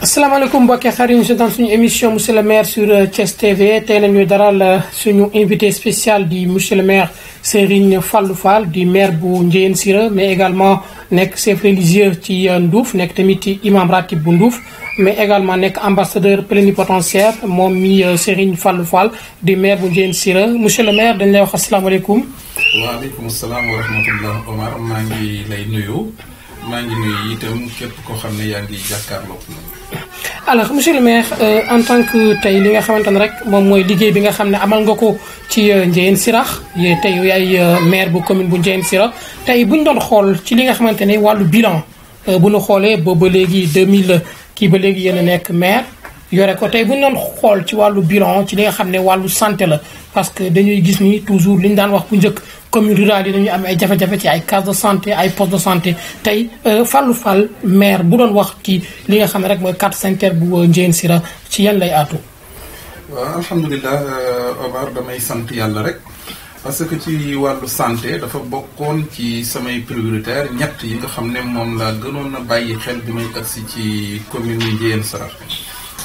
alaikum mbokki xarit ñu dans suñu émission monsieur le maire sur euh, Thiès TV tey nañu daral euh, suñu invité spécial du monsieur le maire Serigne Fallou Fall du maire bu Ndiéyène Sire mais également nek chef religieux ci euh, Ndouf nek tamit imam ratib bu Ndouf mais également nek ambassadeur plénipotentiaire mon mi Serigne Fallou Fall du maire bu Ndiéyène Sire monsieur le maire dañ lay wax Wa alaikum salam wa rahmatullah Omar ma ngi lay nuyu ma ngi nuyu itam képp koo xam ne yaa ngi jàkkaarloo alors monsieur le maire euh, en tant que tay li nga xamantane rek mom moy liggéey bi nga xam amal nga ko ci euh, Ndiéyène Sirakh tay yaay euh, maire bu commune bu Ndiéyène sirax tay buñ doon xol ci li nga xamante walu wàllu bilan bu ñu xoolee ba ba léegi 2000 ki ba léegi yene nek maire yore ko tay buñ doon xol ci walu bilan ci li nga xam walu santé la parce que dañuy gis ni toujours liñ ñu daan wax bu njëkk. communes rurales yi dañuy am ay jafe-jafe ci ay case de santé ay poste de santé tey euh, Fallou Fall maire bu doon wax ci li nga xam ne rek mooy carte sanitaire bu euh, Ndiéyène Sira ci yan lay aatu. waaw alhamdulilah euh, Omar damay sant yàlla rek parce que ci wàllu santé dafa bokkoon ci samay prioritaire ñett yi nga xam ne moom laa gënoon a bàyyi xel bi may agsi ci commune yi Ndiéyène Sira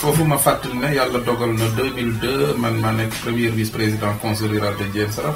foofu ma fàttali ne yàlla dogal na 2002 man maa nekk premier vice président conseil rural de Ndiéyène Sira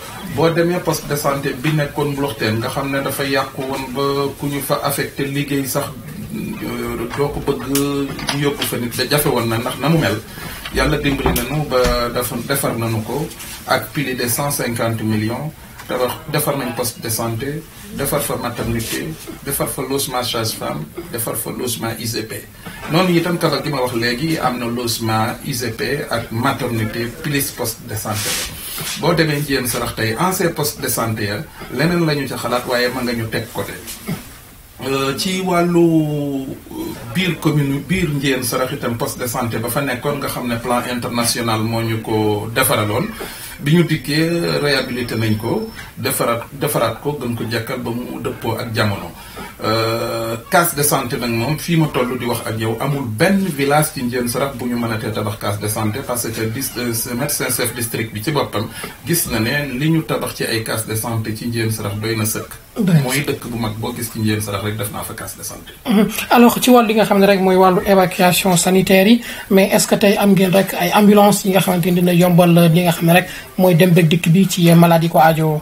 boo demee poste de santé bi nekkoon Mbuloxteen nga xam ne dafa yàqu woon ba ku ñu fa affecté liggéey sax euh, doo ko bëgg ñu yóbbu fa nit da jafe woon na ndax na mu mel yàlla dimbali nañu ba dafa defar nañu ko ak plus de 150 millions tabax defar nañ poste de santé defar fa maternité defar fa logement sage-femme defar fa logement IGP noonu itam kafak gi ma wax léegi am na logement IGP ak maternité plus poste de santé boo demee jéem sarax tey en ces postes de santé ya leneen la ñu ca xalaat waaye ma nga ñu teg côté euh, ci wàllu euh, biir commune biir njéen sarax itam poste de santé ba fa nekkoon nga xam ne plan international moo ñu ko defaraloon bi ñu dikkee réhabilité nañ ko defaraat defaraat ko gën ko jàkkal ba mu dëppoo ak jamono Euh, case de santé nag moom fii ma toll di wax ak yow amul benn village ci Ndiéyène Sirah bu ñu mënatee tabax case de santé parce que dis euh, médecin chef district bi ci boppam gis na ne li ñu tabax ci ay case de santé ci Ndiéyène Sirah doy na sëkk. mooy dëkk bu mag boo gis ci Ndiéyène Sirah rek def naa fa case de santé. Mm-hmm. alors ci wàllu li nga xam ne rek mooy wàllu évacuation sanitaire yi mais est que tey am ngeen rek ay ambulance yi nga xamante ni dina yombal li nga xam ne rek mooy dem beeg dikk bi ci malade yi ko aajowoo.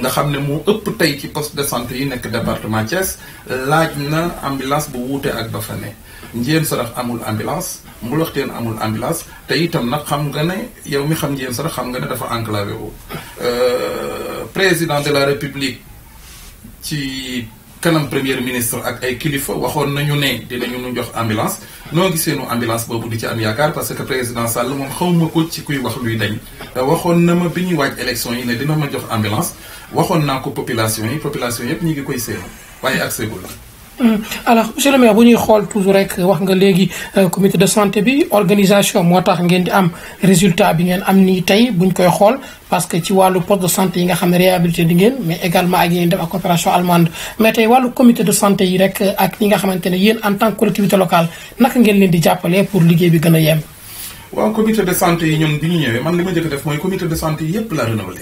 nga xam ne moo ëpp tey ci poste de santé yi nekk département Thiès laaj na ambulance bu wuute ak ba fa ne njéen sarax amul ambulance mbulaxteen amul ambulance te itam nag xam nga ne yow mi xam njéen sarax xam nga ne dafa enclavé wu euh, président de la république ci kanam première ministre ak ay kilifa waxoon nañu ne dinañu nu jox ambulance noo gisee nu ambulance boobu di ci am yaakaar parce que président Sall moom xaw ma ko ci kuy wax luy dañ waxoon na ma bi ñuy waaj élection yi ne dina ma jox ambulance waxoon naa ko population yi population yëpp ñu ngi koy séenu waaye accès gu la Euh, alors monsieur le maire bu ñuy xool toujours rek wax nga léegi euh, comité de santé bi organisation moo tax ngeen di am résultat bi ngeen am nii tey buñ koy xool parce que ci wàllu poste de santé yi nga xam ne réhabilité di ngeen mais également ak yéen def ak coopération allemande mais tey wàllu euh, nga xamante ne yéen en tant que collectivité locale naka ngeen leen di jàppale pour liggéey bi gën a yem. waaw comité de santé yi ñoom bi ñu ñëwee man li ma njëkk def mooy comité de santé yépp la renouvelé.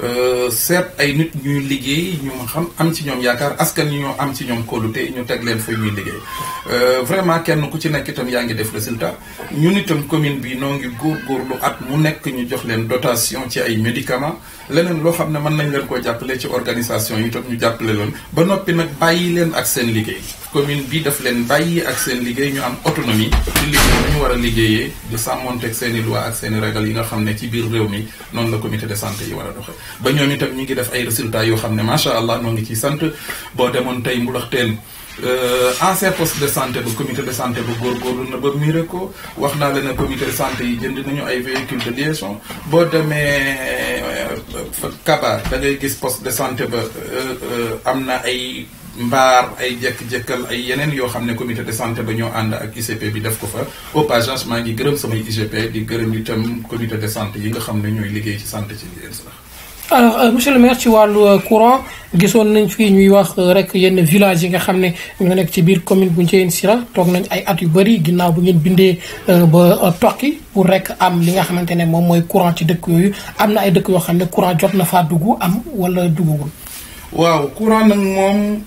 Euh, seet ay nit ñuy liggéey ñu xam am ci ñoom yaakaar askan ñi ñoo am ci ñoom kóolute ñu teg leen fa ñuy liggéey euh, vraiment kenn ku ci nekk itam yaa ngi def résultat ñun itam commune bi noo ngi góorgóorlu at mu nekk ñu jox leen dotation ci ay médicaments leneen loo xam ne mën nañ leen koo jàppale ci organisation yi tam ñu jàppale leen ba noppi nag bàyyi leen ak seen liggéey commune bi daf leen bàyyi ak seen liggéey ñu am autonomie di liggéey bu ñu war a liggéeyee di sàmmonteeg seen i loi ak seen i yi nga xam ne ci biir réew mi noonu la comité de santé yi war a doxe ba ñoom itam ñu ngi def ay résultats yoo xam ne macha allah noo ngi ciy sant boo demoon tey teen Euh, ancien poste de santé ba comité de santé ba góorgóorlu na ba miiré ko wax naa la ne comité de santé yi jënd nañu ay véhicules de liaison boo demee euh, euh, Kaba da gis poste de santé ba am na ay mbaar ay jekk-jekkal ay yeneen yoo xam ne comité de santé ba ñoo ànd ak ICP bi def ko fa au passage maa ngi gërëm samay IGP di gërëm itam comité de santé yi nga xam ne ñooy liggéey ci santé ci liggéey sax alors euh, monsieur le maire ci wàllu euh, courant gisoon nañ fii ñuy wax euh, rek yenn village yi nga xam ne ñoo nekk ci biir commune bu Ndiéyène Sira toog nañ ay at yu bëri ginnaaw bu ngeen bindee ba tokki pour rek am li nga xamante ne moom mooy courant ci dëkk yooyu am na ay dëkk yoo xam ne courant jot na faa dugg am wala duggagul. waaw courant nag moom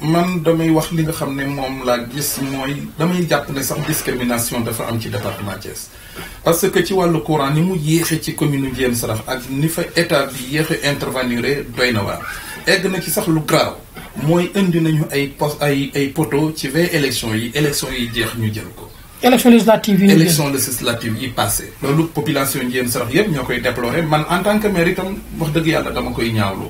man damay wax li nga xam ne moom laa gis mooy damay jàpp ne sax discrimination dafa am ci département parce que ci wàllu courant ni mu yéexe ci commune Ndiéyène Sarax ak ni fa état bi yéexe intervenir doy na waar egg na ci sax lu graaw mooy indi nañu ay po ay ay poteau ci vingt élection yi élection yi jeex ñu jël ko élection législative yi élection législative yi passé loolu population Ndiéyène Sarax yëpp ñoo koy déploré man en tant que maire itam wax dëgg yàlla dama koy ñaawlu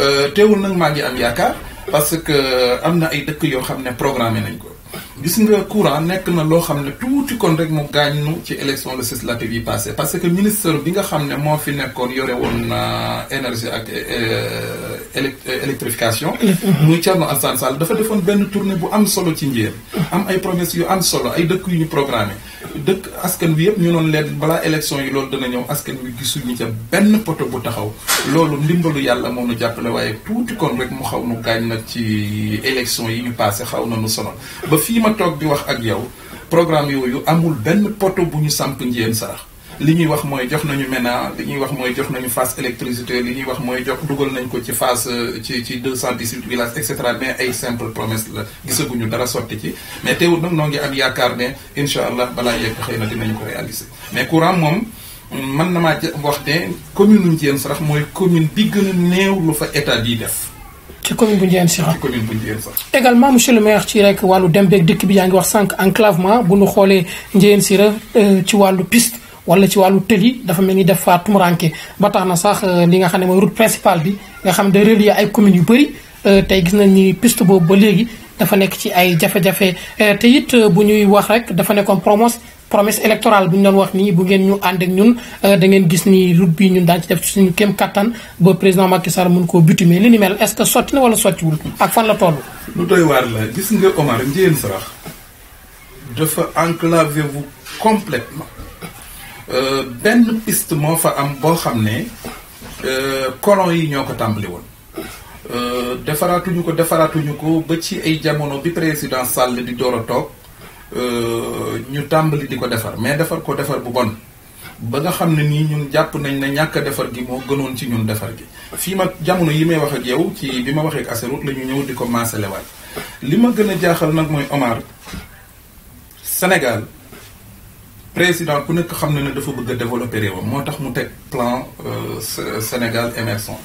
euh, teewul nag maa ngi am yaakaar parce que euh, am na ay dëkk yoo xam ne programme nañ ko gis nga courant nekk na loo xam ne tuuti kon rek mu gaañu ci élection législative yi passé parce que ministre bi nga xam ne moo fi nekkoon yore woon euh, énergie ak euh, Euh, électrification. muy Thierno Alassane Sall dafa defoon benn tournée bu am solo ci njéer am ay promesses yu am solo ay dëkk yu ñu programmé dëkk askan wi yëpp ñu noonu leen balaa élection yi loolu dana ñëw askan wi gisuñu ca benn poto bu taxaw loolu ndimbalu yàlla moo nu jàppale waaye tuuti kon rek mu xaw nu gaañ nag ci élection yi ñu passé xaw na nu sonal ba fii ma toog di wax ak yow programme yooyu amul benn poto bu ñu samp njéen sax liñuy wax mooy jox nañu MENA li ñuy wax mooy jox nañu phase électricité li ñuy wax mooy jox dugal nañ ko ci phase euh, ci ci 218 cent dix et cetera mais ay simple promesse la gisaguñu dara sotti ci mais teewul nag noo ngi am yaakaar ne incha allah balaa yegg xëy na dinañu ko réaliser mais courant moom mën na maa wax ne commune Ndiéyène Sirakh mooy commune bi gën a néew lu fa état di def ci commune bu Ndiéyène ci commune bu Ndiéyène Sirakh également monsieur le maire ci rek wàllu dem beeg dikk bi yaa ngi wax sànq enclavement bu ñu xoolee Ndiéyène Sirakh euh, ci wàllu piste wala ci walu teli, dafa melni def fa tumuranke ba taxna sax euh, li nga xamne moy route principale bi nga xam de relier ay commune yu bari euh, tay gis nañ ni piste bobu ba léegi dafa nek ci ay jafé jafé euh, te it bu ñuy wax rek dafa nekkoon promos promesse électorale bu ñu doon wax ni bu ngeen ñu and ak ñun da ngeen gis ni route bi ñun daan ci def suñu kem katan bo président Macky Sall mun koo butumer li ni mel est ce que sotti na wala wul ak fan la tollu lu doy war la gis nga Omar ñeen sax dafa enclaver vous complètement Euh, benn pist moo fa am boo xam ne euh, colon yi ñoo ko tàmbali woon euh, defaraatuñu ko defaraatuñu ko ba ci ay jamono bi président Sall di door a toog ñu tàmbali di ko defar mais defar ko defar bu bon ba nga xam ne nii ñun jàpp nañ ne ñàkk defar gi moo gënoon ci ñun defar gi fii ma jamono yi may wax ak yow ci bi ma waxee ak Aseroute la ñu ñëw di ko maasalewaat li ma gën a jaaxal nag mooy Omar Sénégal président ku développer réewam plan euh, Sénégal émergent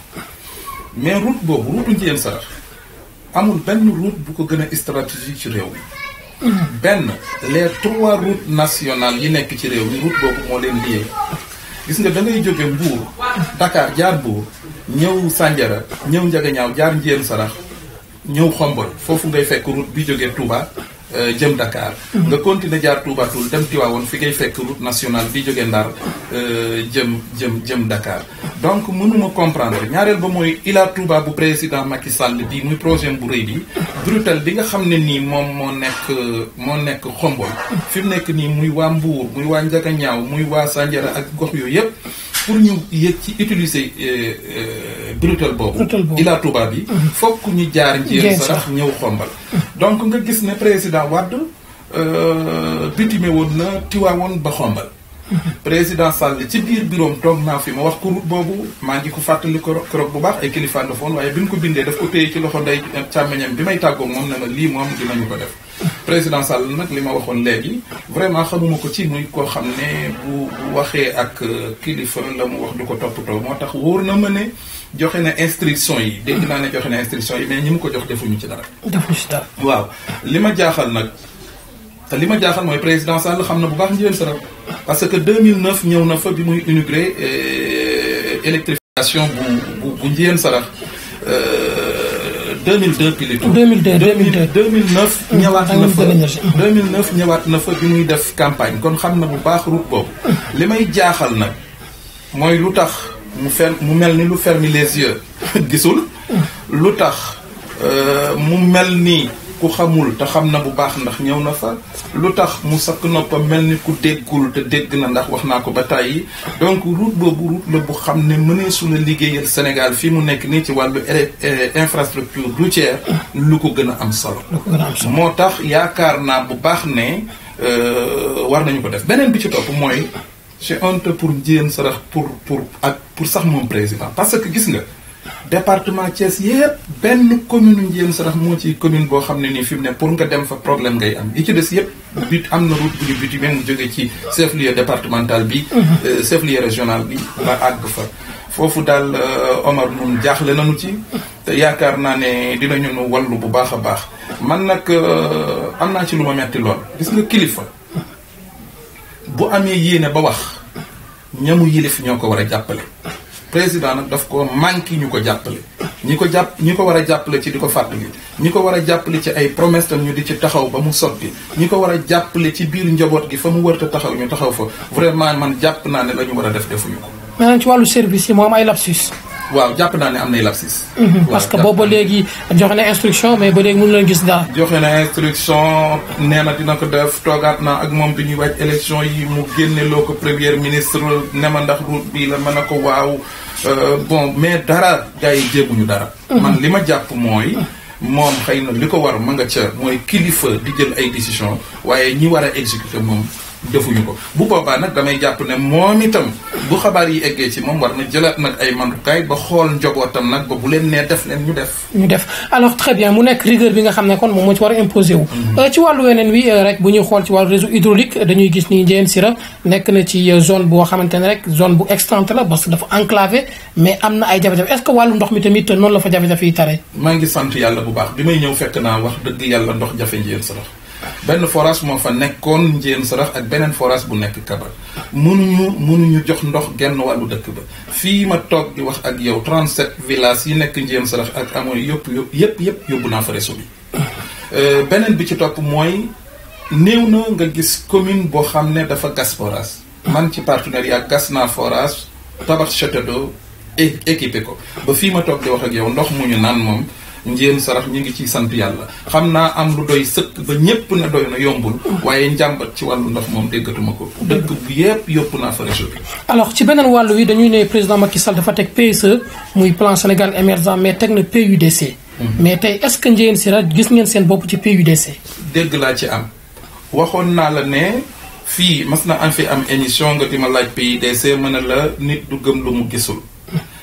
mais route boobu route Sarax amul benn route bu ko a stratégie ci benn les trois routes nationales yi nekk ci réew mi route boobu moo leen gis nga da ngay Dakar jaar ñëw ñëw jaar Sarax ngay route Touba Euh, jëm Dakar. nga continuer jaar Touba Toul dem Tiwaawoon fi ngay fekk route nationale bi jóge Ndar euh, jëm jëm jëm Dakar. donc mënuma comprendre ñaareel ba mooy Ila Touba bu président Macky Sall bii muy projet bu rëy bi. brutal bi nga xam ne nii moom moo nekk moo nekk xombol fi mu nekk nii muy waa Mbour muy waa Ndiaga muy waa Sandiara ak gox yooyu yëpp. pour ñu yëg ci utiliser euh, euh, brutal boobu ilaa Touba yi mhm. fokk ñu jaar njéer sarax ñëw xombal donc nga gis ne président Wade euh, bitime woon na tiwaawoon ba xombal mhm. président Sall ci biir biroom toog naa fi ma wax ko boobu maa ngi ko fàttali ko keroog bu baax ay kilifa dafoon waaye bi ñu ko bindee daf ko téye ci loxo nday càmmeñam bi may tàggoo moom ne ma lii moom dinañu ko def président Sall nag li ma waxoon vraiment xamuma ko ci muy ko xamné bu waxé ak euh, kilifa la mu wax duko top toppatoo motax tax wóor na ma ne joxe na instruction yi. dégg na ne joxé na instruction yi mais ñim ko jox defuñu ci dara. defu ci dara. waaw lima jaaxal nak te lima jaaxal moy président Sall xam bu baax njëriñ Saraw. parce que 2009 ñew na fa bi muy inauguré euh, électrification bu bu bu njëriñ euh 2002 2002 2009. 2009. 2009, 2009, 2009, 2009 2009, campagne 2009, 2009, 2009, 2009, 2009, 2009, 2009, fermer les yeux ku xamul te xam na bu baax ndax ñëw na fa lu tax mu sakk noppam mel ni ku déggul te dégg na ndax wax naa ko ba tàyyi donc route boobu route la bu xam ne mëneesu la liggéeyal Sénégal fii mu nekk nii ci wàllu infrastructure routière lu ko gën a am solo moo tax yaakaar naa bu baax ne euh, war nañu ko def beneen bi ci topp mooy c'est honte pour njiyeen sarax pour pour ak pour sax moom président parce que gis nga département Thiès yëpp benn commune u Ndiéyène Sarax moo ci commune boo xam ne nii fi mu ne pour nga dem fa problème ngay am yi ci des yëpp but am na route bu ñu biti benn jóge ci chef lieu départemental bi mhm. euh, chef lieu régional bi ba àgg fa foofu daal euh, Omar nun jaaxle nañu ci te yaakaar naa ne dinañu nu wallu bu baax a baax man nag euh, am naa ci lu ma metti lool gis nga kilifa bu amee yéene ba wax ñamu yilif ñoo ko war a jàppale président nag daf ko manqué ñu ko jàppale ñi ko jàpp ñi ko war a jàppale ci di ko fàttali ñi ko war a jàppale ci ay promesse tam ñu di ci taxaw ba mu sotti ñi ko war a jàppale ci biir njaboot gi fa mu wërta taxaw ñu taxaw fa vraiment man jàpp naa ne la ñu war a def defuñu ko. maanaam ci wàllu service yi moo am ay lapsus. waaw jàpp naa ne am nay lapsis. Mhm, parce que booba léegi joxe na instruction mais ba léegi mënu leen gis dara. joxe na instruction nee na dina ko def toogaat naa ak moom bi ñuy waaj élection yi mu génne loo ko première ministre ne ma ndax route bii la mën a ko waaw euh, bon mais dara gars yi jéeguñu dara. Mhm. man li ma jàpp mooy. moom xëy na li ko war ma nga ca mooy kilifa di jël ay décision waaye ñi war a exécuter moom. defuñu ko bu boobaa nag damay jàpp ne moom itam bu xabaar yi eggee ci moom war na jëlaat nag ay mandukaay ba xool njobootam nag ba bu leen nee def leen ñu def. ñu def alors très bien mu nekk rigueur bi nga xam ne kon moom moo ci war a imposé wu. Mhm. Euh, ci wàllu weneen wi euh, rek bu ñuy xool ci wàllu réseau hydraulique dañuy gis ni Ndiéyène Sirah nekk na ci euh, zone boo xamante ne rek zone bu extante la parce que dafa enclavé mais am na ay jafe-jafe est wàllu ndox mi tamit noonu la fa jafe-jafe yi ngi sant yàlla bu baax bi may ñëw fekk naa wax dëgg yàlla ndox jafe Ndiéyène Sirah benn foras moo fa nekkoon njéen sarax ak beneen forage bu nekk kabal mënuñu mënuñu jox ndox genn wàllu dëkk ba fii ma toog di wax ak yow 37 villages yi nekk njéen sarax ak amoy yëpp yëpp yëpp yëpp yóbbu naa fa réseau bi euh, beneen bi ci topp mooy néew nga gis commune boo xam ne dafa gas foras, man ci partenariat gas naa forage tabax chateau d'eau équipé ko ba fii ma toog di wax ak yow ndox mu ñu naan moom njéen sarax ñu ngi ciy sant yàlla xam naa am lu doy sëkk ba ñépp ne doy na yombul waaye njàmbat ci wàllu ndox moom déggatuma ko dëkk bu yépp yóbbu naa fa réseau bi alors ci beneen wàllu wi dañuy ne président Macky Sall dafa teg PSE muy plan Sénégal émergent mais teg na PUDC mhm. mais tey est-ce que njéen sarax gis ngeen seen bopp ci PUDC dégg laa ci am waxoon naa la ne fii mas na am fi am émission nga di ma laaj PUDC mën a la nit du gëm lu mu gisul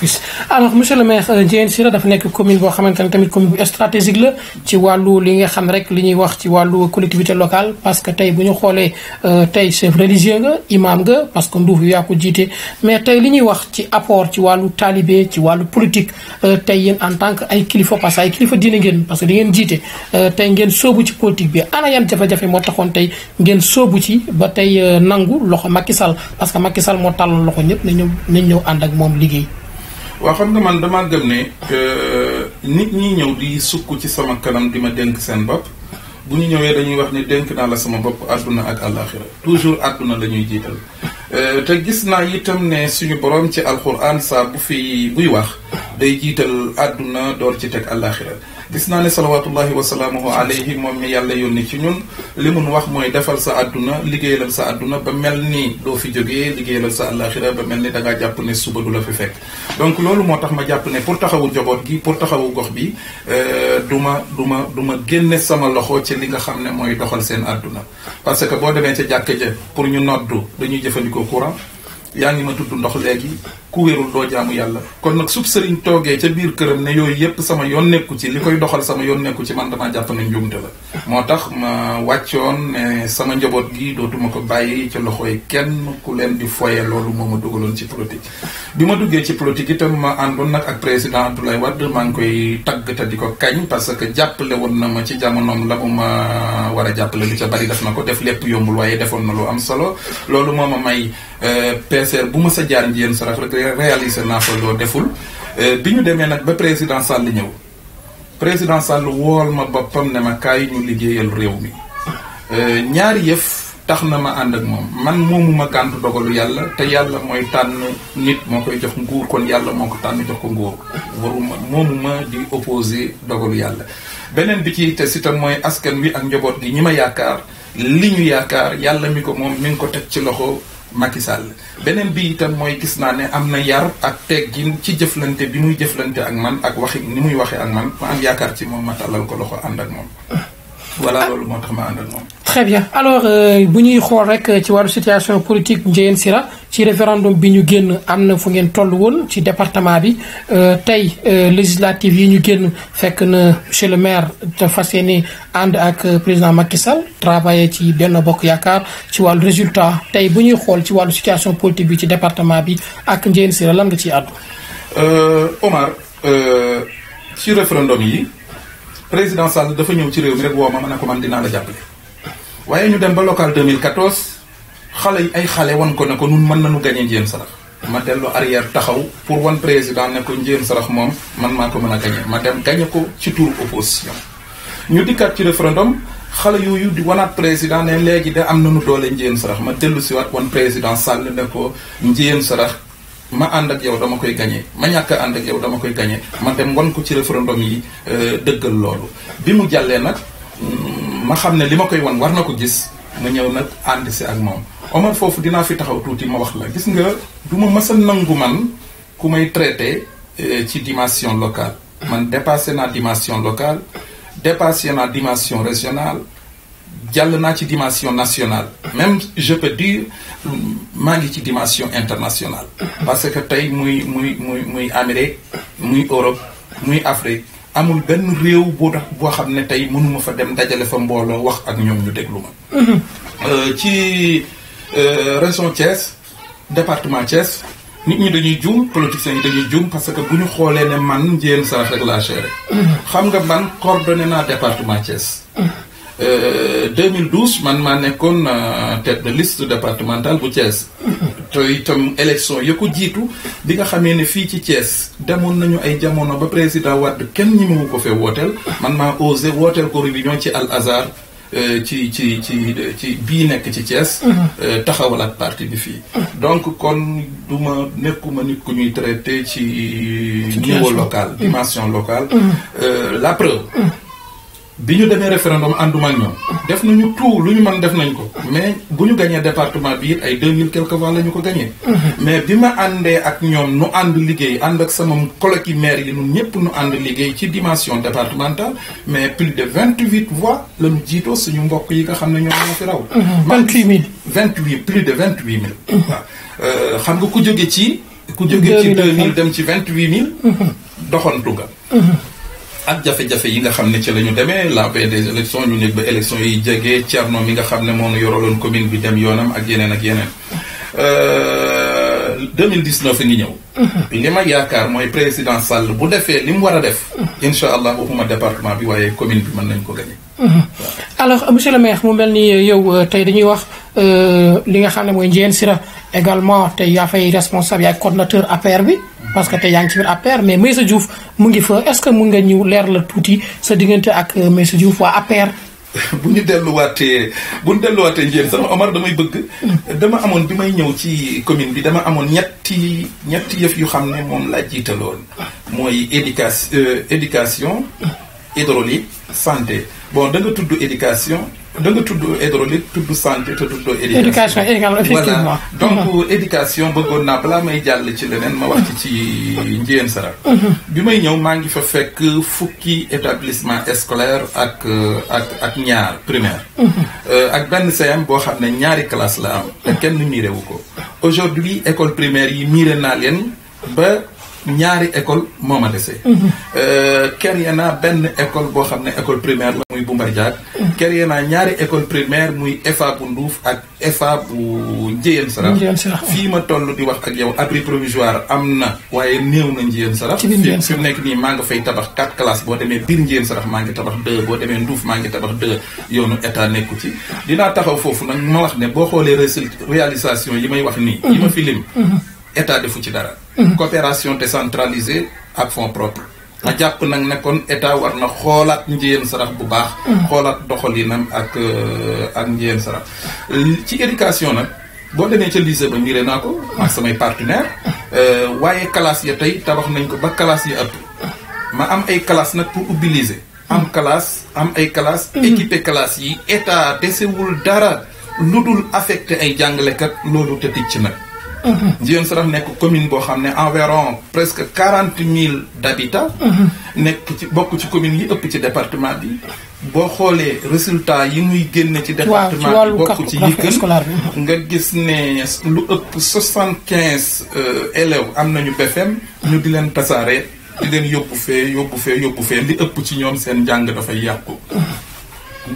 bis alors monsieur le maire euh, Diène Sira dafa nekk commune boo xamante tamit commune stratégique la ci wàllu li nga xam rek li ñuy wax ci wàllu collectivité locale parce que tey bu ñu xoolee euh, chef religieux nga imam nga parce que nduuf yaa ko jiite mais tey li ñuy wax ci apport ci talibé ci euh, que ana yam jafe ngeen ci ba nangu loxo Macky Sall parce que Macky Sall loxo waaw xam nga man damaa gëm ne nit ñi ñëw di sukk ci sama kanam di ma dénk seen bopp bu ñu ñëwee dañuy wax ni denk naa la sama bopp àdduna ak àllaaxira toujours àdduna la ñuy jiital euh, te gis naa itam ne suñu borom ci alxuraan saa bu fi buy wax day jiital àdduna door ci teg àllaaxira gis naa ne salawatullahi wa salaamuhu alayhi moom mi yàlla yónni ci ñun li mun wax mooy defal sa àdduna liggéeyalal sa àdduna ba mel ni doo fi jógee liggéeyalal sa àllaaxira ba mel ni da jàpp ne suba du la fi fekk donc loolu moo tax ma jàpp ne pour taxawu njaboot gi pour taxawu gox bi euh, du ma du ma du ma génne sama loxo ci li nga xam ne mooy doxal seen àdduna parce que boo demee ca jàkk ja pour ñu noddu dañuy jëfandikoo courant yaa ngi ma tudd ndox léegi ku wérul doo jàmm yàlla kon nag sub sëriñ toogee ca biir këram ne yooyu yépp sama yoon nekku ci li koy doxal sama yoon nekku ci man damaa jàpp ne njuumte la moo tax ma wàccoon ne sama njaboot gi dootuma ko bàyyi ca loxoy kenn ku leen di foye loolu moo ma dugaloon ci politique bi ma duggee ci politique itam ma àndoon nag ak président Abdoulaye maa ngi koy tagg ko kañ parce que jàppale woon na ma ci jamonoom la mu ma war a jàppale li ca bari def na ko def lépp yombul waaye defoon na lu am solo loolu moo ma may euh, sincère bu ma sa jaar njiyeen sarax rek réalisé naa ko loo deful euh, bi ñu demee nag ba président Sall ñëw président Sall wool ma boppam ne ma kaay ñu liggéeyal réew mi euh, ñaari yëf tax na ma ànd ak moom man moomuma gàntu dogalu yàlla te yàlla mooy tànn nit moo koy jox nguur kon yàlla moo ko tànn jox ko nguur waruma moomuma di opposé dogalu yàlla beneen bi ci te si tam mooy askan wi ak njaboot gi ñi ma yaakaar li ñu yaakaar yàlla mi ko moom mi ngi ko teg ci loxo Macky Sall beneen bii itam mooy gis naa ne am na yar ak teggin ci jëflante bi muy jëflante ak man ak waxi ni muy waxee ak man ma am yaakaar ci moom ma tàllal ko loxo ànd ak moom voilà ah. loolu moo tax ma ànd ak moom très bien alors euh, bu ñuy xool rek euh, ci wàllu situation politique Ndiéyène Sira ci référendum bi ñu génn am na fu ngeen toll woon ci département bi euh, tey législative yi ñu génn fekk na monsieur le maire te fas yéene ànd ak président Macky Sall travaillé ci Benno Bokk Yaakaar ci wàllu résultat tey bu ñuy xool ci wàllu situation politique bi ci département bi ak Ndiéyène Sira lan nga ciy àddu. Omar ci référendum yi président Sall dafa ñëw ci réew mi rek woo ma ma ne ko man dinaa la jàppale. waaye ñu dem ba local 2014 xale yi ay xale wan ko ne ko nun na nañu gañe Ndiéyène Sarax ma dellu arrière taxaw pour wan président ne ko Ndiéyène Sarax moom man maa ko mën a gañe ma dem gañe ko ci turu opposition ñu dikkaat ci référendum xale yooyu di wanaat président ne léegi de am nañu doole Ndiéyène Sarax ma dellu si waat wan président Sall ne ko Ndiéyène Sarax ma ànd ak yow dama koy gañe ma ñàkk ànd ak yow dama koy gañe ma dem wan ko ci référendum yi euh, dëggal loolu bi mu jàllee nag ma xam ne li ma koy wan war na ko gis ma ñëw nag ànd si ak moom Omar foofu dinaa fi taxaw tuuti ma wax la gis nga du ma mës a nangu man ku may traité eh, ci dimension locale man dépassé naa dimension locale dépassé naa dimension régionale jàll naa ci dimension nationale même je peux dire maa ngi ci dimension internationale parce que tey muy muy muy muy Amérique muy Europe muy Afrique amul benn réew boo tax boo xam ne tey mënuma fa dem dajale fa mbooloo wax ak ñoom ñu déglu ma mhm. euh, ci euh, région Thiès département Thiès nit ñi dañuy juum politiciens yi dañuy juum parce que bu ñu xoolee ne man njéem sax rek laa géré mhm. xam nga man coordonné naa département Thiès mhm. 2012 euh, man maa nekkoon euh, tête de liste départementale bu Thiès. te itam élection ya ko jiitu bi nga xamee ni fii ci Thiès demoon nañu ay jamono ba président Wade kenn ñi mu ko fee wooteel man maa osé wooteel ko réunion ci Al Azhar euh, ci ci ci ci bii nekk ci Thiès. Mhm. taxawal ak parti bi fii. Mhm. donc kon du ma nekkuma nit ku ñuy traité ci. niveau local mhm. dimension locale. la bi ñu demee référendum ànduma ak ñoom def nañu tout lu ñu man def nañ ko mais bu ñu gañee département bi it ay deux mille quelque vingt la ñu ko gañee mhm. mais bi ma àndee ak ñoom nu ànd liggéey ànd ak sama collègue yi maire yi ñun ñëpp nu ànd liggéey ci dimension départementale mais plus de vingt huit voix la jiitoo suñu mbokk yi nga xam ne ñoom ñoo fi raw mhm. vingt huit mille vingt huit plus de vingt huit mille mhm. waaw euh, xam nga ku jóge ci ku jóge ci deux mille dem ci vingt huit mille doxantu nga ak jafe-jafe yi nga xam ne ci la ñu demee l'après des élections ñu nekk ba élections yi jege Thierno mi nga xam ne moom yoroloon commune bi dem yoonam ak yeneen ak yeneen. 2019 euh, ngi ñëw. Mm-hmm. li ma yaakaar mooy président Sall bu defee li mu war a def. incha allah waxuma département bi waaye commune bi mën nañ ko gagné. Mm-hmm. alors monsieur le maire mu mel ni yow euh, tey dañuy wax euh, li nga xam ne mooy Ndiéyène Sira également tey yaa fay responsable yaay coordonnateur APR bi. parce que te yaa ngi ci biir APR mais sa Diouf mu ngi fa est-ce que mu nga ñëw leer la tuuti sa diggante ak euh, Meyssa Diouf waa APR. bu ñu delluwaatee bu ñu delluwaatee njéen sama Omar damay bëgg dama amoon bi may ñëw ci commune bi dama amoon ñetti ñetti yëf yu xam ne moom laa jiitaloon mooy éducation euh, éducation ah. hydraulique santé bo da nga tudd éducation da nga tudd hydraulique tudd santé te tuddoo éducation voilà donc mm-hmm. éducation bëggoon naa balaa may jàll ci leneen ma wax ci Ndiéyène Sara mm-hmm. bi may ñëw maa ngi fa fekk fukki établissement scolaire ak euh, ak ak ñaar primaire mm-hmm. euh, ak benn CM boo xam ne ñaari classe la am te kenn miiré wu ko aujourd'hui école primaire yi miiré naa leen ba ñaari école moo ma dese. créé euh, naa benn école boo xam ne école primaire la muy Bumbardiack. créé naa ñaari école primaire muy fa bu Nduuf ak EFA bu Njéyeen Saraf. fii ma toll di wax ak yow abri provisoire am na waaye néew na Njéyeen Saraf. ci biir fi mu nekk nii maa nga fay tabax quatre classes boo demee biir Njéyeen Saraf maa ngi tabax deux boo demee Nduuf maa ngi tabax deux yoonu état nekku ci. dinaa taxaw foofu nag ma wax ne boo xoolee réalisation yi may wax nii. Mm-hmm. yi ma mm-hmm. état defu ci dara. coopération décentralisée ak fonds propre a jàpp nak ne kon état war na xoolaat njiyeen sarax bu baax mm. xoolaat doxalinam ak euh, ak njiyeen sarax ci éducation nak bo demee ci lycée ba miire nako ko ak samay partenaire euh, wayé classe ya tay tabax nañ ko ba classe ya ëpp ma am ay classe nak pour mobiliser am classe am ay classe mm. équipé classe yi état desewul dara lu affecté ay kat loolu te tic ci Dieune Sarah nek commune bo xamné environ presque quarante mille d' habitants. ci bokku ci commune yi ëpp ci département bi. bo xolé résultat yi muy génn ci département bi bokk ci yi nga gis né lu ëpp 75 euh, élèves am nañu BFEM. ñu di leen tasaare di leen yóbbu fé yóbbu fé yóbbu fé li ëpp ci ñoom seen da fay yàqu.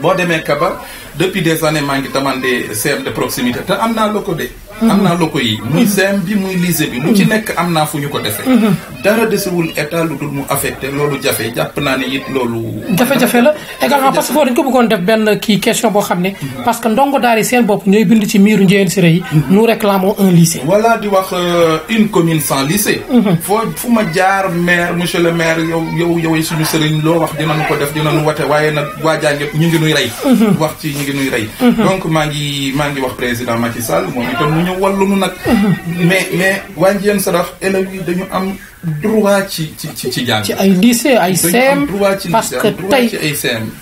bo démé Kaba depuis des années maa ngi demandé CM de proximité té amna loko dé Mm-hmm. am naa loko yi muy sem bi muy lycée bi lu ci nekk am naa fu ñu ko defee mm-hmm. dara desewul état lu dul mu affecté loolu jafe jàpp naa it loolu jafe-jafe la également parce que foofu dañ ko bëggoon def benn kii question boo xam ne mm-hmm. parce que ndongo daara yi seen bopp ñooy bind ci miiru njëyeen siré yi nous réclamons un lycée voilà di wax euh, une commune sant lycée foo fu ma jaar maire monsieur le maire yow yow yow suñu sëriñ loo wax dinañu ko def nu wate waaye nag waa jànge ñu ngi nuy rey ci ñu ngi nuy rey maa ngi maa ngi wax président Macky ñu wallunu nag. mais mais wàññi sa sarax élèves yi dañu am droit ci ci ci ci jàng. ci ay lycée ay CM parce que tey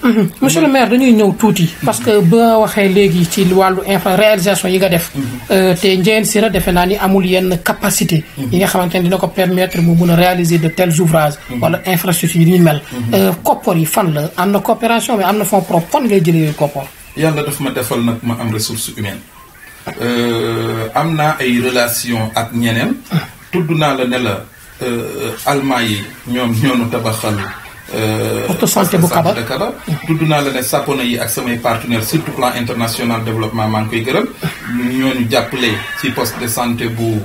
mhm. monsieur le maire dañuy ñëw tuuti. parce que ba waxee léegi ci wàllu infra réalisation yi nga def. Mhm. Euh, te Ndiéyène Sirakh defe naa ni amul yenn capacité. Mhm. yi nga xamante ne dina ko permettre mu mun a réaliser de tels ouvrages. wala infrastructure yi mel. Euh, koppar yi fan la am na coopération mais am na fonds propre fan ngay jëlee yooyu koppar. yàlla daf ma defal nag ma am ressource humaine. Euh, am amna ay relation ak ñeneen tudd naa la ne la euh, almaa yi ñoom ñoonu tabaxal euh, poste santé bu Kaba tudd naa la ne sapona yi ak samay partenaires surtout plan international développement maa ngi koy gërëm ñooñu jàppale ci poste de santé bu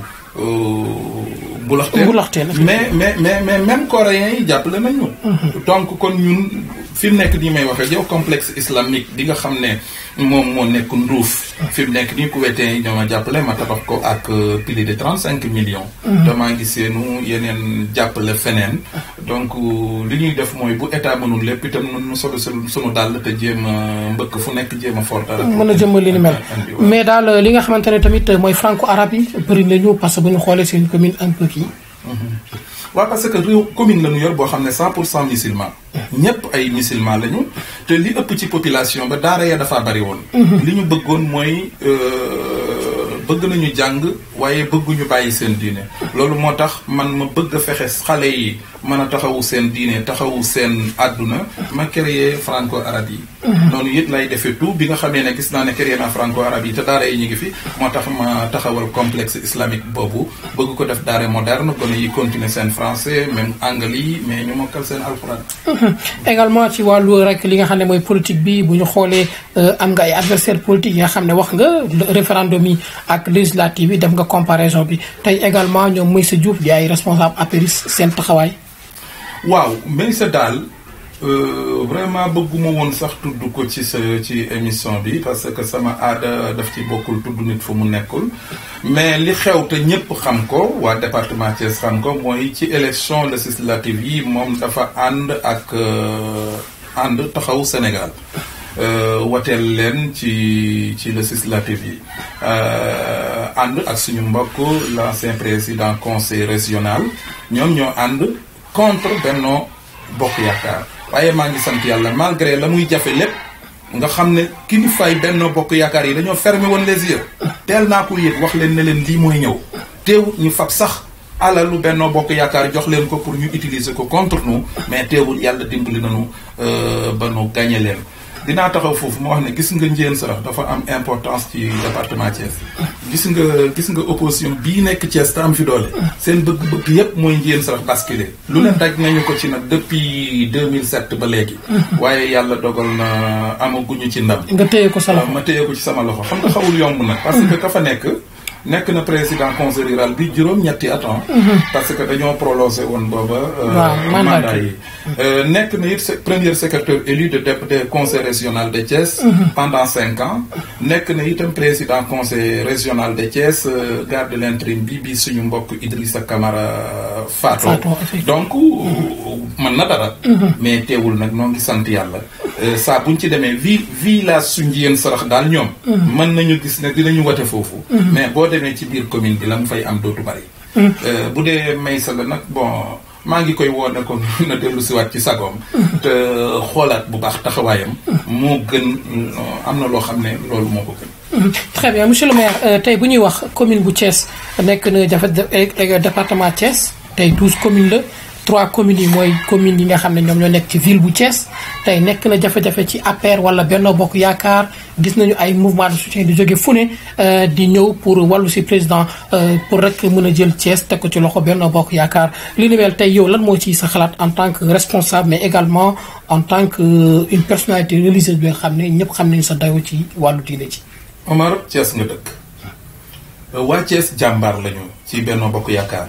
bu laxteen mais mais mais mais même coréens yi jàppale nañu mhm. donc kon ñun fi mu nekk nii may waxee yow complexe islamique di nga xam ne moom moo nekk nduuf fi mu nekk nii ku wetee ñoo ma jàppale ma tabax ko ak euh, plus de trente cinq millions damaa mhm. ngi seenu yeneen jàppale feneen donc euh, li ñuy def mooy bu état mënul lépp itam nu solu sunu dàll te jéem a mbëkk fu nekk jéem a for mën a jëmmal li ni mel mais daal li nga xamante ne tamit mooy franco arab yi bëri nañu parce que bu ñu xoolee seen commune un peu kii mhm. waaw parce que réew commune la ñu yor boo xam ne cent pour cent musulman ñëpp ay musulman lañu te li ëpp ci population ba daara ya dafa bari woon mhm. li ñu bëggoon mooy euh, bëgg nañu jàng waaye bëgguñu bàyyi seen diine loolu moo tax man ma bëgg fexe xale yi mën a taxawu seen diine taxawu seen àdduna ma créé franco arabe yi noonu it lay defee tout bi nga xamee ne gis naa ne këréena franco arabe yi te daara yi ñu ngi fi moo tax ma taxawal complexe islamique boobu bëgg ko def daara moderne gone yi continuer seen français même anglais yi mais ñu mokkal seen alxuraan également ci wàllu rek li nga xam ne mooy politique bi bu ñu xoolee euh, am nga ay adversaire politique yi nga xam ne wax nga référendum yi ak législative yi def nga comparaison bi tey également ñoom Meyssa Diop di ay responsable apéris seen taxawaay waaw Meyssa daal Euh, vraiment bëgguma won sax tudd ko ci ci émission bi parce que sama aada daf ci bokkul tudd nit fu mu nekkul mais li xew te ñepp xam ko wa département ci xam ko mooy ci élection législative yi moom dafa and ak and euh, taxaw Sénégal euh, watel len ci ci législative yi and ak suñu mbokk l'ancien président conseil régional ñom ñoo and contre Benno Bokk Yaakaar waaye maa ngi sant yàlla malgré la muy jafe lépp nga xam ne kilifaay Benno Bokk Yaakaar yi dañoo fermé woon les yeux teel naa ko yëg wax leen ne leen lii mooy ñëw teewut ñu fab sax alalu Benno Bokk Yaakaar jox leen ko pour ñu utiliser ko contre nous mais teewul yàlla dimbali nañu euh, ba nu gagné leen dinaa taxaw foofu moo wax ne gis nga njéen sarax dafa am importance ci département Thiès gis nga gis nga opposition bii nekk Thiès te am fi doole seen bëgg-bëgg yépp mooy njéen sarax basculé lu ne daj nañu ko ci nag depuis 2007 ba léegi waaye yàlla dogal na amaguñu ci ndam nga téye ko sa loxo ma téye ko ci sama loxo xam nga xawul yomb nag parce ka fa nekk nek na président conseil rural bi juroom ñetti at ah. mhm. parce que dañoo prolongé woon booba euh, mandat yi euh, nekk na it premier secrétaire élu de député conseil régional de Thiès mhm. pendant cinq ans nekk na itam président conseil régional de Thiès euh, garde l'intérim bi bi suñu mbokk Idrissa Camara Fatou donc man na dara mhm. mais teewul nag noo ngi sant yàlla ça buñ ci demee vi village suñu yéen sarax daal ñoom mën nañu gis ne dinañu wate foofu mais boo demee ci biir commune bi la mu fay am dootu bari. Hmm. Euh, bu dee Maysa la nag bon maa ngi koy woo ne ko na dellu waat ci sagoom hmm. te xoolaat bu baax taxawaayam. Hmm. moo gën euh, am na loo xam ne loolu moo ko gën. très bien monsieur le maire euh, tey bu ñuy wax commune bu Thiès nekk na jafe département Thiès tey douze commune la. trois communes moy commune yi nga xam ñom ñoom ñoo nekk ci ville bu Thiès tay nek na jafe-jafe ci APR wala Benno Bokk Yaakaar gis nañu ay mouvement de soutien di jóge fune euh di ñëw pour walu ci président euh pour rek mëna jël Thiès teg ko ci loxo Benno Bokk Yaakaar li ni mel tey yow lan mo ci sa xalat en tant que responsable mais également en tant que euh, une personnalité religieuse bi nga xam ne ñëpp xam sa dayo ci walu diine ci Omar Thiès nga dëkk wa Thiès jambar lañu ci Benno Bokk Yaakaar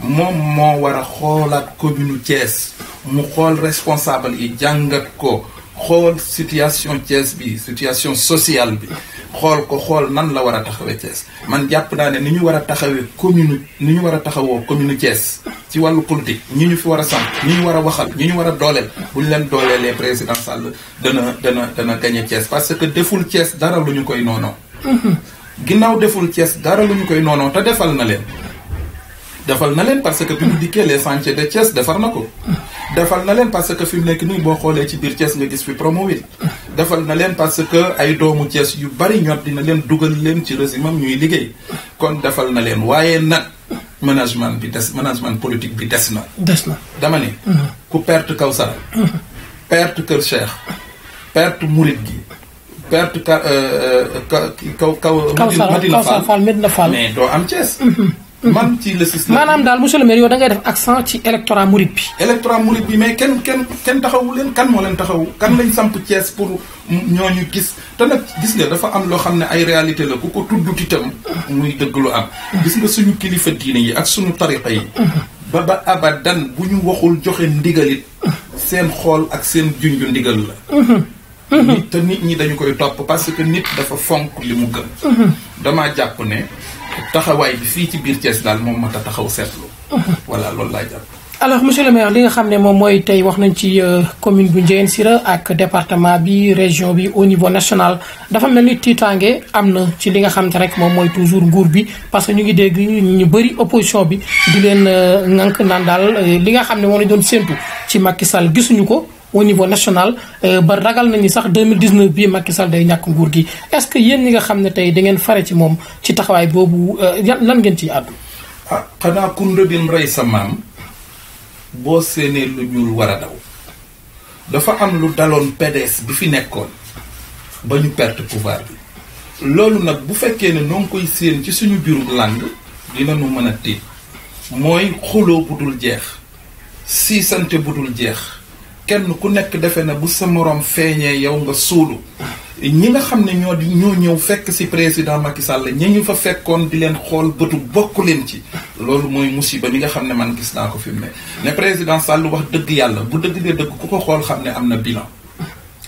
moom moo war a xoolaat commune cees mu xool responsable yi jàngat ko xool situation Thiès bi situation sociale bi xool ko xool nan la war a taxawee Thiès man jàpp naa ne ni ñu war a taxawee commune ni ñu war a taxawoo commune Thiès ci wàllu politique ñi ñu fi war a sant ñi ñu war a waxal ñi ñu war a dooleel bu ñu leen dooleelee président Sall dana dana dana gañe Thiès parce que deful cees dara lu ñu koy noonoo mm-hmm. ginnaaw deful cees dara lu ñu koy noonoo te defal na leen defal na len parce que bi mu les sentiers de Thiès defar na ko defal na len parce que fi mu nekk nii boo xoolee ci biir Thiès nga gis fi Promoville defal na len parce que ay doomu Thiès yu bari ñor dina leen dugal leen ci régime am ñuy liggéey kon defal na leen waaye nag management bi des management politique bi des na des na dama ne mhm. ku perte Kawsara mhm. perte Kër Cheikh perte Mourid gi perte ka euh, euh, kaw kaw Madina Fall Madina Fall mais doo am Thiès mhm man ci le système maanaam daal monsieur le maire yow da ngay def accent ci électorat mouride bi électorat mouride bi mais kenn kenn kenn taxawu kan moo leen taxawu kan lañ samp Thiès pour ñooñu gis te nag gis nga dafa am lo xam ne ay réalité la ku ko tudd itam muy lu am gis nga suñu kilifa diine yi ak suñu tariqa yi ba ba abadan bu wakul waxul joxe ndigalit seen xool ak seen junju ndigal la te nit ñi dañu koy topp parce que nit dafa fonk li mu gëm dama jàpp ne taxawaay bi fii ci biir Thiès daal moom mat a taxaw seetlu. Uh-huh. voilà loolu laa jàpp. alors monsieur le maire li nga xam ne moom mooy tey wax nañ ci euh, commune bu si Sira ak département bi région bi au niveau national dafa mel ni tiitaange am na ci li nga xam te rek moom mooy toujours nguur bi parce que ñu ngi dégg ñu bëri opposition bi di leen euh, ŋànk naan daal euh, li nga xam ne moom la doon séntu ci Macky Sall gisuñu ko. au niveau national euh, ba ragal nañu sax 2019 bii Macky Sall day ñàkk nguur gi est-ce que yéen ñi nga xam ne tey da ngeen fare ci moom ci taxawaay boobu euh, lan ngeen ci àddu. ah xanaa kunde din mu rey sa maam boo séenee lu ñuul war a daw dafa am lu daloon PDS bi fi nekkoon ba ñu perte pouvoir bi. loolu nag bu fekkee ne noo ngi koy séen ci suñu biirum làng dinañu mën a tiit mooy xuloo bu dul jeex siisante bu dul jeex. kenn ku nekk defe na bu sa morom feeñee yow nga suulu ñi nga xam ne ñoo di ñoo ñëw fekk ci président Macky Sall ñi ñu fa fekkoon di leen xool bëtu bokk leen ci loolu mooy musiba mi nga xam ne man gis naa ko fi mu ne ne président Sall wax dëgg yàlla bu dëgg dee dëgg ku ko xool xam ne am na bilan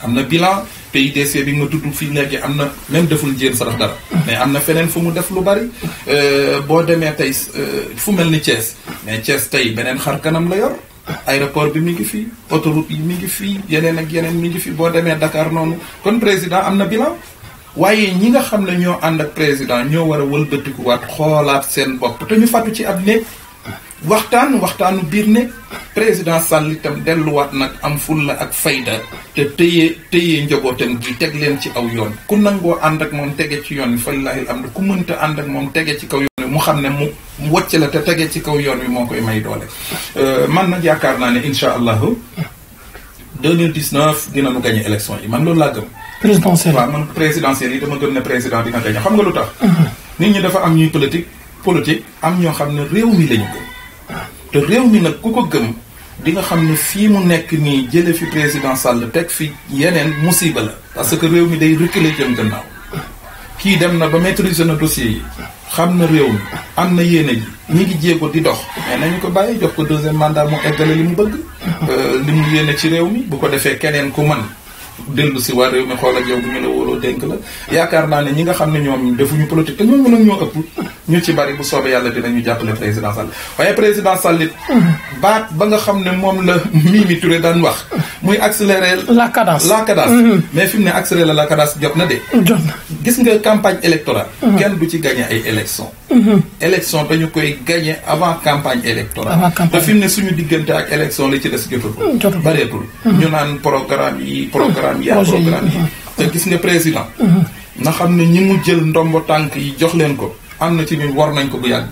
am na bilan PIDC bi nga duddu fii léegi am na même deful jéem sarax dara mais am na feneen fu mu def lu bari euh, boo demee tey euh, fu mel ni Thiès mais Thiès tey beneen xar kanam la yor aéroport bi mi ngi fii autoroute yi mi ngi fii yeneen ak yeneen mi ngi fii boo demee Dakar noonu kon président am na bilan waaye ñi nga xam ne ñoo ànd ak président ñoo war a wëlbatikuwaat xoolaat seen bopp te ñu fàttu ci ab néeg waxtaan waxtaanu biir ne président Sall tam delluwaat nag am fulla ak fayda te tëyee tëyee njabootam gi teg leen ci aw yoon ku nangoo ànd ak moom tege ci yoon wi falilahil am ku mënta ànd ak moom tege ci kaw yoon wi mu xam ne mu wàcc la te tege ci kaw yoon wi moo koy may doole euh, man na yaakaar naa ne incha allahu 2019 dina nu gagné élection yi man loolu laa gëm présidentielle waaw man présidentielle yi dama gëm ne président dina gagné xam nga lu tax nit ñi dafa am ñuy politique politique am ñoo xam ne réew mi lañu gëm ah. te réew mi nag ku ko gëm di nga xam ne fii mu nekk nii jële fi président Sall teg fi yeneen musiba la parce que réew mi day reculer jëm gannaaw kii dem na ba maîtriser na dossier yi xam na réew mi am na yéene ji ñi ngi jéego di dox mais nañu ko bàyyi jox ko deuxième mandat mu eggale li mu bëgg euh, li mu yéene ci réew mi bu ko defee keneen ku man dellu si waa réew mi xool ak yow bu ñu la wóoloo dénk la yaakaar naa ne ñi nga xam ne ñoom defuñu politique te ñoo mën a ñoo ëpp ñu ci bari bu soobee yàlla dinañu jàppale président Sall waaye président Sall it ba nga xam ne moom la Mimi Touré daan wax muy accélérer la cadence la cadence mm-hmm. mais fi mu ne accélérer la cadence jot na de mm-hmm. jot na gis nga campagne électorale mm-hmm. kenn du ci gagné ay élection élection dañu koy gagné avant campagne électorale te fi mu ne suñu diggante ak élection li programme yi. projet yi te gis nga président. na xam ne ñi mu jël ndombo tànk yi jox leen ko am na ci ñun war nañ ko bu yàgg.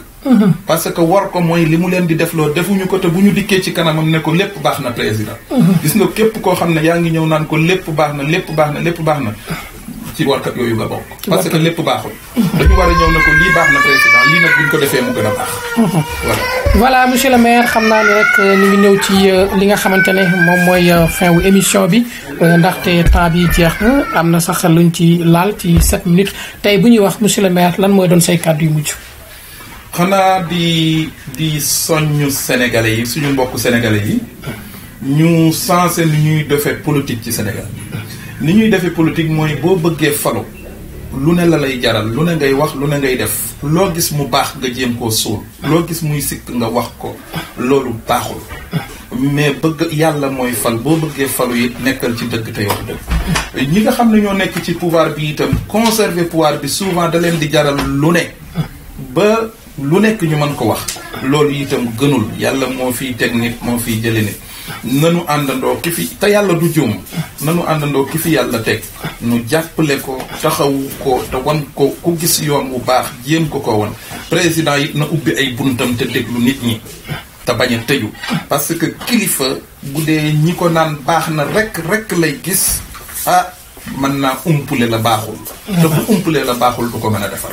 parce que war ko mooy li mu leen di defloo defuñu ko te bu ñu dikkee ci kanamam ne ko lépp baax na président. gis nga képp koo xam ne yaa ngi ñëw naan ko lépp baax na lépp baax na lépp baax na. ci warkat yooyu nga bokk. parce que lépp baaxul. dañu war a ñëw ne ko lii baax na président lii nag buñ ko defee mu gën a baax. voilà monsieur le maire xamna ni rek ni euh, ngi ñëw ci euh, li nga xamantene mom moy euh, fin wu émission bi ndax té temps bi jeex na am sax luñ ci laal ci 7 minutes tay buñu wax monsieur le maire lan moy doon say cadeau yu mujj. xanaa di di soññu sénégalais yi suñu mbokku sénégalais yi ñu sensé ni ñuy defee politique ci Sénégal ni ñuy defee politique moy bo bëggee falo lu ne la lay jaral lu ne ngay wax lu ne ngay def loo gis mu baax nga jéem koo suul loo gis muy sikk nga wax ko loolu baaxul mais bëgg yàlla mooy fal boo bëggee falu yi nekkal ci dëgg tey wax dëgg ñi nga xam ne ñoo nekk ci pouvoir bi itam conserver pouvoir bi souvent da leen di jaral lu ne ba lu nekk ñu mën ko wax loolu itam gënul yàlla moo fiy teg nit moo fiy jële nit nanu àndandoo ki fi te yàlla du juum nanu àndandoo ki fi yàlla teg nu jàppale ko taxawu ko te wan ko ku gis yoon wu baax jéem ko ko won président yi na ubbi ay buntam te déglu nit ñi te bañ a tëju parce que kilifa bu ñi ko naan baax na rek rekk lay gis ah mën naa umpule la baaxul te bu umpule la baaxul du ko mën a defar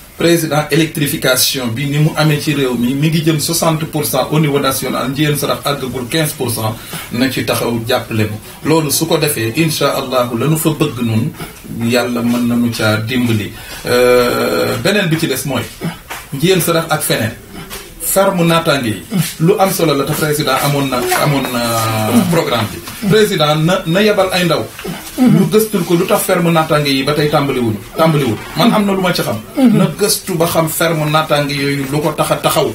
président électrification bi ni mu amee ci réew mi mi ngi jëm 60 pour cent au niveau national njiyeen sarax àggagul 15 pour cent na ci taxaw jàppale mu loolu su ko defee incha allahu la nu fa bëgg noonu yàlla mën na nañu caa dimbali euh, beneen bi ci des mooy njiyeen sarax ak feneen ferme naataange yi. lu am solo la te président amoon na amoon na programme bi. président na na yebal ay ndaw. lu gëstul ko lu tax ferme naataange yi ba tey tàmbaliwul tàmbaliwul man am na lu ma ci xam. na gëstu ba xam ferme naataange yooyu lu ko tax a taxaw.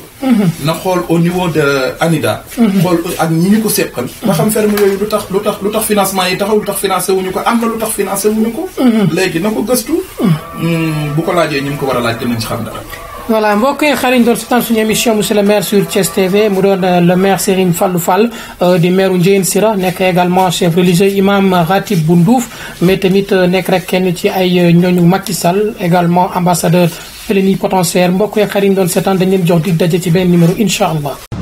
na xool au niveau de ANIDA. xool ak ñi ñu ko seqal. ba xam ferme yooyu lu tax lu tax lu tax financement yi taxaw lu tax financé wuñu ko am na lu tax financé wuñu ko. léegi na ko gëstu. Hmm, bu ko laajee ñu ko war a laaj dinañ ci xam dara. voilà mbokk yi xariñ doon seetaan suñu émission monsieur le maire sur Thiès TV mu doon euh, le maire Serigne Fallou Fall euh, di maire u nekk également chef religieux imam ratib bu Nduuf mais tamit euh, nekk rek kenn ci ay ñooñu Macky Sall également ambassadeur plénipotentiaire mbokk yi xariñ doon seetaan dañ leen jox dig daje ci benn numéro incha allah